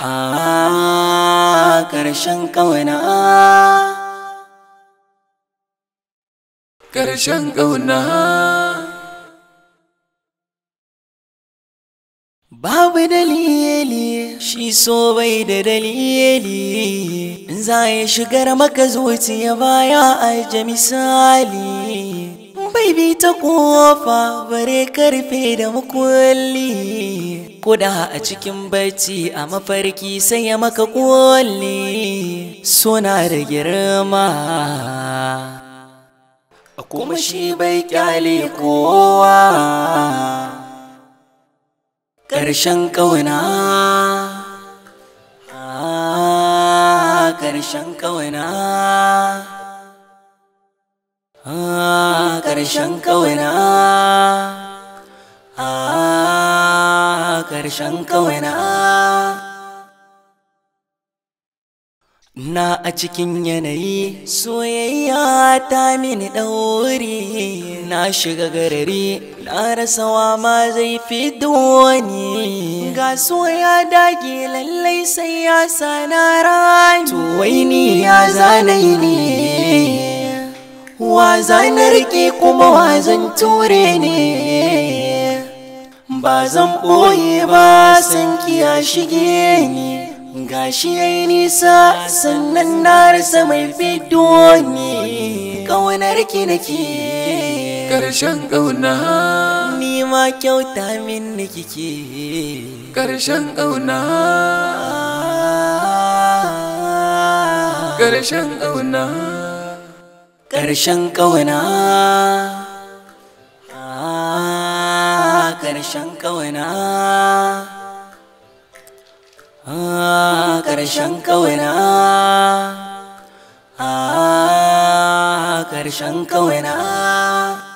ha ƙarshen ƙauna ƙarshen ƙauna babu dalili shi so bai da dalili in za ya shigar maka zuciya baya a misali bai bi ta kofa bare karfe da makulli kuda a cikin bacci a mafarki sai ya maka kwalli suna da girma kuma shi bai kyale kowa ƙarshen ƙauna ƙarshen ƙauna ƙarshen ƙauna Karshen ƙauna Na a cikin yanayi soyayya ta mini ɗauri na shiga garari na rasawa ma zai fi duwani ga soya dage lallai sai ya sana rani to ni ya zanai ne wa zanar kuma wa zan ture ne ba zan ɓoye ba san kiya shige ni gashi yayi nisa sannan na rasa mai fito ne ƙaunar ki ke. ƙarshen ƙauna ni ma kyauta min na kike ƙarshen ƙauna ƙarshen ƙauna ƙarshen ƙauna ƙarshen ƙauna ƙarshen ƙauna ƙarshen ƙauna